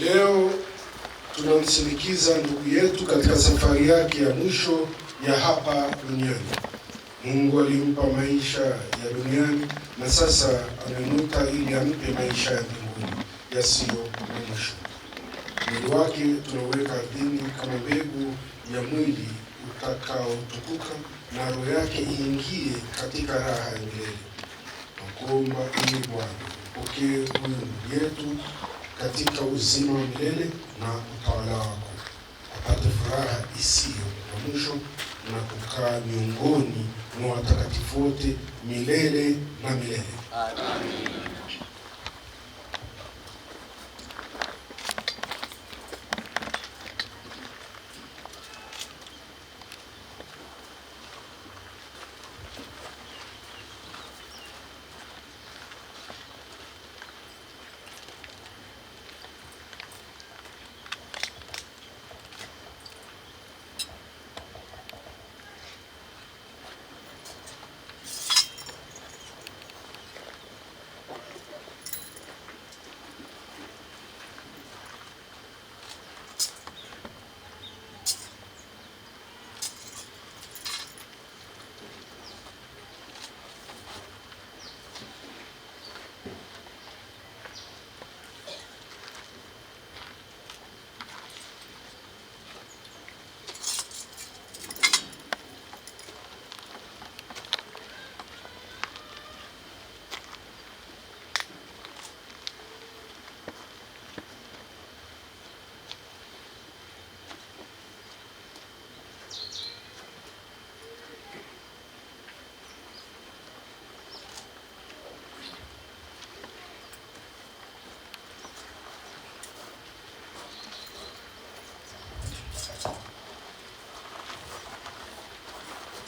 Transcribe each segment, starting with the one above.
Leo tunamsindikiza ndugu yetu katika safari yake ya mwisho ya hapa duniani. Mungu alimpa maisha ya duniani na sasa amenuta ili ampe maisha ya mbinguni yasiyo na mwisho. Mwili wake tunaweka ardhini kama mbegu ya mwili utakaotukuka, na roho yake iingie katika raha ya milele. Nakuomba ili ee Bwana upokee huyu ndugu yetu katika uzima wa milele na utawala wako, apate furaha isiyo na mwisho na kukaa miongoni mwa watakatifu wote milele na milele. Amen.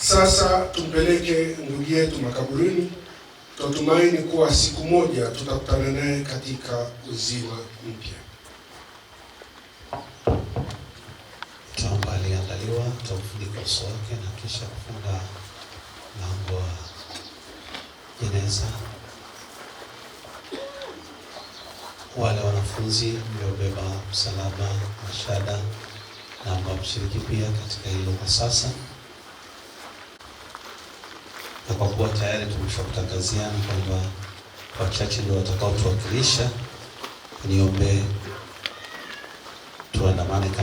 Sasa tumpeleke ndugu yetu makaburini, tutumaini kuwa siku moja tutakutana naye katika uzima mpya. Tamba aliandaliwa, tutamfunika uso wake na kisha kufunga mlango wa jeneza. Wale wanafunzi mliobeba msalaba, mashada na mshiriki pia katika hilo kwa sasa na kwa kuwa tayari tumesha kutangaziana kwamba wachache ndio watakaotuwakilisha, niombe tuandamane kama